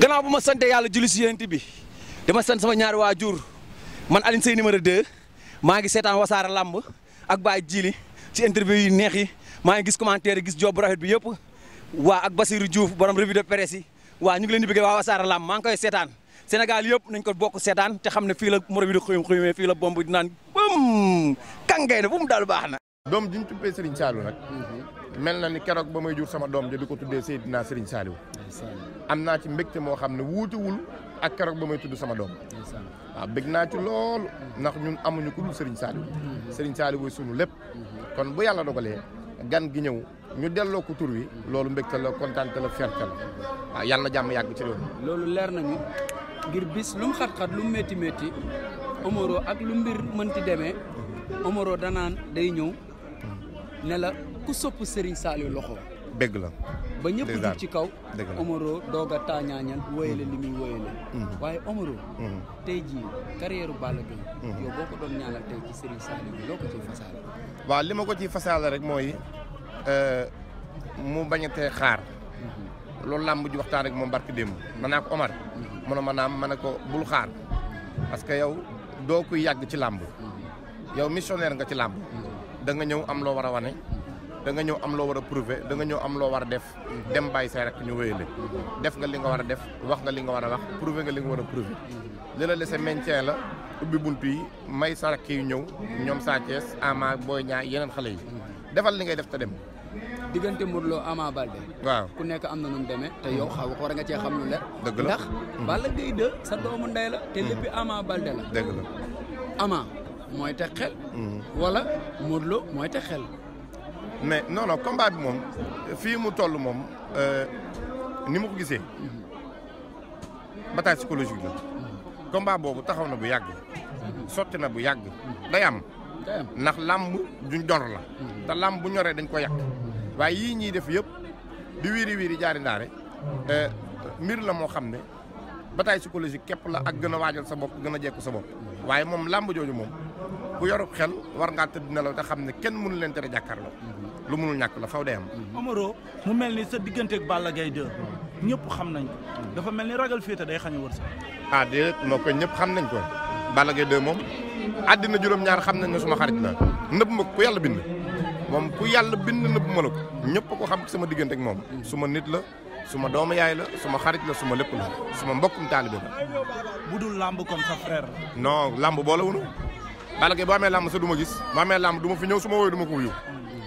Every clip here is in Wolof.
gannaaw bu ma sante yàlla julli si yéent bi dama sant sama ñaari waajur man Alioune Seye numéro 2 maa ngi seetaan wasaara làmb ak Baye Djili ci interview yi neex yi maa ngi gis commentaire yi gis job bu rafet bi yëpp waa ak Basirou Diouf borom revue de presse yi waa ñu ngi leen bi bëgg waa wasaara lamb maa ngi koy seetaan Sénégal yëpp nañ ko bokk seetaan te xam ne fii la moro bi di xuyum xuyumee fii la bomb dinaan bam kàngay na bu mu daal baax na doom mel na ni keroog ba may jur sama doom ja di ko tuddee Seydina Serigne Saliou am naa ci mbégte moo xam ne wuutiwul ak keroog ba may tudd sama doom waaw bég naa ci loolu ndax ñun amuñu ku dul Serigne Saliou mm-hmm. Serigne Saliou lépp mm-hmm. kon bu yàlla dogalee gan gi ñëw ñu delloo ko tur wi loolu mbégte la kontaan la ferte la waaw yàlla na jàmm yàgg ci loolu loolu leer nañu ngir bis lu mu xat-xat lu mu métti métti ak lu mbir mënti demee Omaro danaan day ñëw ne ku sopp Serigne Saliou loxo. dëgg la ba ñëpp jug ci kaw. dëgg la Omaro doog a taañaañal wóyale mm-hmm. li muy wóyale. Mm-hmm. waaye Omaro. Mm-hmm. tey jii carrière Balla Gaye. yow boo ko doon ñaanal tey ci Serigne Saliou bi loo ko ciy fasaale. waaw li ma ko ciy fasaale rek mooy euh, mu bañ a xaar. loolu làmb ji waxtaan rek moom barki démb. ma naa ko Omar. mu ne ma ne ko bul xaar. parce que yow doo kuy yàgg ci làmb. yow missionnaire nga ci làmb. da ñëw am loo war da nga ñëw am loo war a prouver da nga ñëw am loo war a def dem bàyyi say rek ñu def nga li nga war a def wax nga li nga war a wax prouver nga li nga war a prouver li la dese maintien la ubbi bunt yi may sa rakk yu ñëw ñoom Sa Thiès booy Boy Niang yeneen xale yi defal li ngay def te dem diggante Modou Lo Ama Baldé waaw ku nekk am na nu mu demee te yow xaw war nga cee xam lu leer dëgg la ndax mm-hmm. Balla Gaye 2 sa doomu ndey la te léppi mm-hmm. Ama Baldé la dëgg la Ama mooy te xel mm-hmm. wala mooy te xel mais non non combat moom fi mu toll moom euh, ni ma ko gisee bataille psychologique la combat boobu taxaw na bu yàgg sotti na bu yàgg day am ndax làmb duñ dor la te làmb bu ñoree dañ ko yàq waaye yii ñuy def yëpp di wiiri wiiri jaari ndaare euh, mbir la moo xam ne bataille psychologique képp la ak gën a waajal sa bopp gën a jekku sa bopp waaye moom làmb jooju moom ku yorub xel war ngaa na nelaw te xam ne kenn mënu leen tere jàkkaarloo lu munul ñàkk la faw day am. Mm-hmm. Omaro mu mel ni sa digganteeg Balla Gaye ñëpp xam nañ ko. dafa mel ni ragal féete day xañ a wërsëg. ah déedéet moo ko ñëpp xam nañ ko Balla Gaye moom àddina juróom-ñaar xam nañ ne suma xarit la nëbb ma ku yàlla bind. moom ku yàlla bind nëbb ma la ñëpp ko xam sama diggante moom mm-hmm. suma nit la suma doomu yaay la suma xarit la suma lépp la suma mbokkum taalibe la. bu dul làmb comme sa frère non làmb boolewunu Balla Gaye boo amee làmb sa ma gis boo amee làmb du fi ñëw su ma ma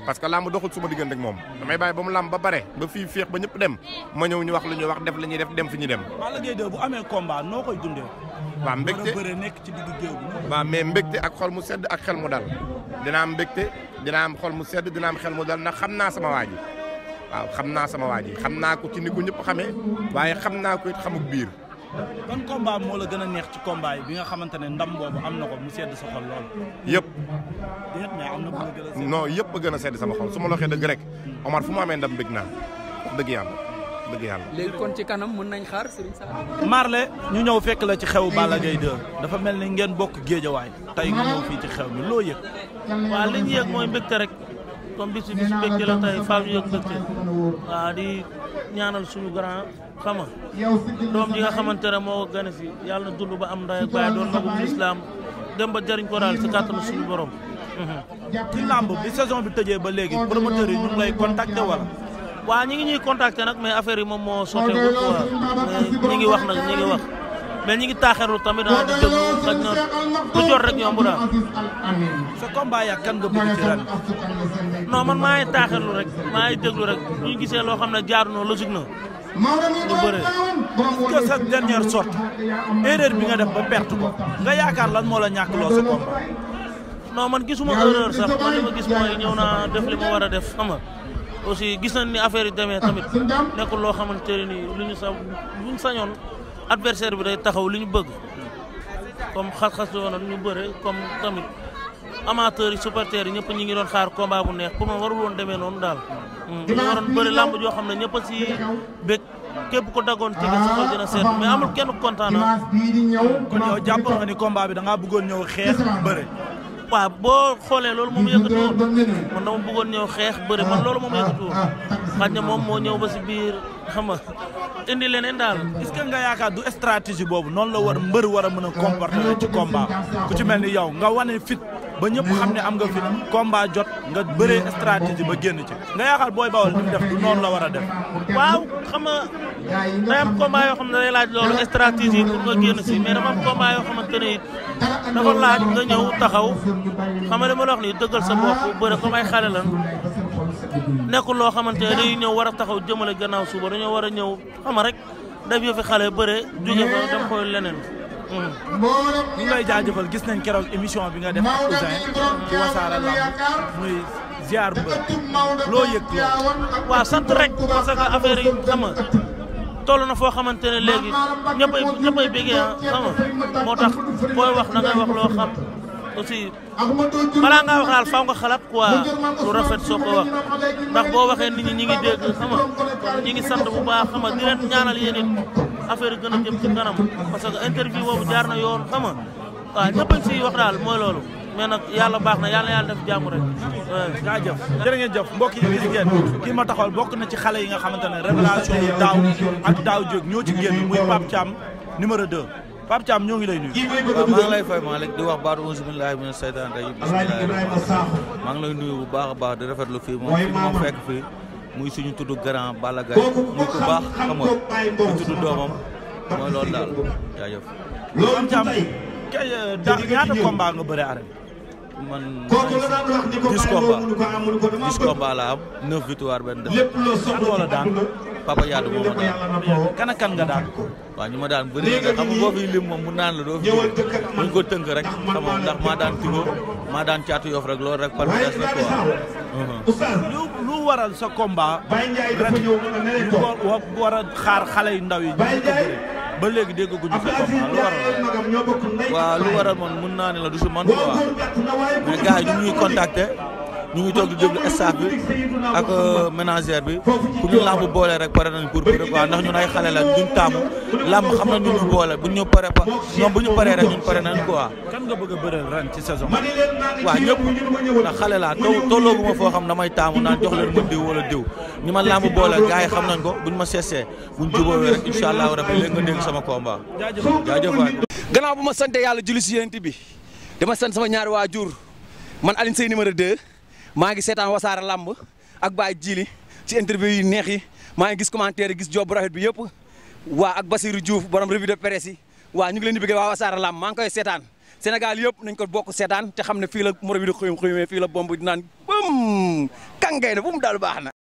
parce que làmb doxul suma diggante moom damay bàyyi ba mu làmb ba bare ba fii féex ba ñëpp dem ma ñëw ñu wax lu ñuy wax def la def dem fu ñu dem. Balla Gaye bu amee combat noo koy dundee. waaw mbégte bëre nekk ci digg géew bi. waaw mais mbégte ak xol mu sedd ak xel mu dal dina am mbégte dina am xol mu sedd dina am xel mu dal ndax xam naa sama waa ji waaw xam naa sama waa ji xam naa ko ci ni ko ñëpp xamee waaye xam naa ko it xamuk biir ban combat moo la gën a neex ci combat bi nga xamante ne ndam boobu am na ko mu sedd sa xol lool. yëpp. yëpp mais a sedd. yëpp gën a sedd sama xol su ma la waxee dëgg rek. Hmm. Omar fu mu amee ndam bëgg naa dëgg yàlla dëgg yàlla. léegi kon ci kanam mën nañ xaar Serigne Sarr. ñu ñëw fekk la ci xew Balla Gaye 2 dafa mel ni ngeen bokk géejawaay tey nga ñëw fii ci xew mi loo yëg. waaw li ñu yëg mooy mbégte rek comme bisu bisu mbégte la tey faaw ñu yëg mbégte waaw di. ñaanal suñu grand xama doom ji nga xamante ne moo gane yàlla na dund ba am ndey ak baay doon magum lislaam dem ba jëriñ ko daal si kàttanu suñu borom. ci làmb bi saison bi tëjee ba léegi promoteurs yi ñu ngi lay contacter wala. waa ñi ngi ñuy contacter nag mais affaire yi moom moo sotteeku quoi mais ñi ngi wax nag ñi ngi wax. mais ñi ngi taaxeerlu tamit ah di déglu xaj na lu jot rek yomb daal. sa combat kan nga bëgg ci man maa ngi taaxeerlu rek maa ngi déglu rek bu gisee loo xam ne jaar na logique na lu bëre. est-ce que sa bi nga def ba perte ko nga yaakaar lan moo la ñàkk loo sa combat. non man gisuma erreur sax man li ma gis mooy ñëw naa def li ma war a def xam nga aussi gis na ni affaire yi demee tamit nekkul loo xamante ne nii lu ñu sa luñ sañoon. adversaire bi day taxaw li ñu bëgg comme xas-xas la woon ñu bëre comme tamit amateurs yi supporters yi ñëpp ñi ngi doon xaar combat bu neex pour man warul woon demee noonu daal. Hmm. ñu waroon bëri làmb joo xam ne ñëpp a si bég képp ko daggoon ci sa xol dina amul kenn kontaan ah. naa. kon yow jàpp nga ni combat bi da ngaa bëggoon ñëw xeex bëre. waaw boo xoolee loolu moom yëkkatuwul man dama bëggoon ñëw xeex bëri man loolu moom yëkkatuwul xaj na moom moo ñëw ba si biir xam nga indi leneen daal. est-ce que nga yaakaar du stratégie boobu noonu la war mbër war a mën a comporter ci combat ku ci mel ni yow nga wane fit. ba ñëpp xam ne am nga fit combat jot nga bëree stratégie ba génn ci nga yaakaar booy bawal li mu def du noonu la war a def waaw xam nga day am combat yoo xam ne day laaj loolu stratégie pour nga génn si mais dama am combat yoo xamante ne it dafa laaj nga ñëw taxaw xam nga li ma la wax nii dëggal sa bopp bëre comme ay xale lan nekkul loo xamante ne dañuy ñëw war a taxaw jëmale gannaaw suba dañoo war a ñëw xam rek daf yoo fi xale bëre jóge fa dem xool leneen ñu ngi lay jaajëfal gis nañ keroog émission bi nga def ak Ouzin ci Wassare Lamb muy ziar mbër loo yëg loolu waaw sant rek parce que affaire yi na foo xamante ne léegi ñëppay ñëppay bégee ah xam nga moo tax booy wax na ngay wax loo xam aussi balaa ngaa wax daal faaw nga xalaat quoi lu rafet soo ko wax ndax boo waxee ni ñi ñi ngi dégg xam ñi ngi sant bu baax xam nga di leen ñaanal yéen it gën a jëm ci kanam parce que interview boobu jaar na yoon xam nga waaw ñëpp a siy wax daal mooy loolu mais nag yàlla baax na yàlla yàlla def jàmm rek. gaa jëf jërë ngeen jëf mbokk yi gis ngeen kii ma taxawal bokk na ci xale yi nga xamante ne révélation yu daaw ak daaw jóg ñoo ci génn muy Pape Thiam numéro 2. Pape Thiam ñoo ngi lay nuyu. waaw maa ngi lay fay Malick di wax baatu auzu billaahi mina seytaani rajiim maa ngi lay nuyu bu baax baax di rafetlu fii moom fi moom fekk fii muy suñu tudd grand Balla Gaye muy ku baax xam nga di tudd doomam mooy loolu daal jaajëf. Euh, ñaata combat nga bëre arène man dix combat dix combat la am neuf Papa Yade moo ma daan kan ak kan nga daan daan bëri nga mu naan la doo fi buñ ko tënk rek xam nga ndax maa daan tigo maa daan caatu yof rek loolu rek palmarès la quoi. Uh-huh. lu lu waral sa komba ren xaar xale yu ndaw yi ñu ko bëri ba léegi déggaguñu sa lu waral waaw lu waral man mun naa la du si man quoi mais gars yi ñuy contacter. ñu ngi toog di déglu staff bi ak euh, ménagère bi ku ñu làmb boole rek pare nañ pour bëre quoi ndax ñun ay xale la duñ taamu làmb xam nañ ñu boole bu ñu pare pa ñoom bu ñu paree rek ñun pare nañ quoi. kan nga bëgg a bëreel ren ci saison waaw ñëpp ndax xale laa taw tolloogu ma foo xam damay taamu naan jox leen ma diw wala diw ñi ma làmb boole gars yi xam nañ ko buñ ma seesee buñ jubóowee rek incha leen rabbi léegi nga dégg sama combat. jaajëf waay. gannaaw bu ma sante yàlla julli si yéent bi dama sant sama ñaari waajur man Alioune Seye numéro 2 maa ngi seetaan wasaare làmb ak Baye Djili ci interview yi neex yi maa ngi gis commentaire yi gis job bu rafet bi yëpp waa ak Basirou Diouf borom revue de presse yi waa ñu ngi leen di bëggee waa wasaare làmb maa ngi koy seetaan Sénégal yëpp nañ ko bokk seetaan te xam ne fii la moro bi di xuyum xuyumee fii la bomb di naan kàngay na bu mu daal baax na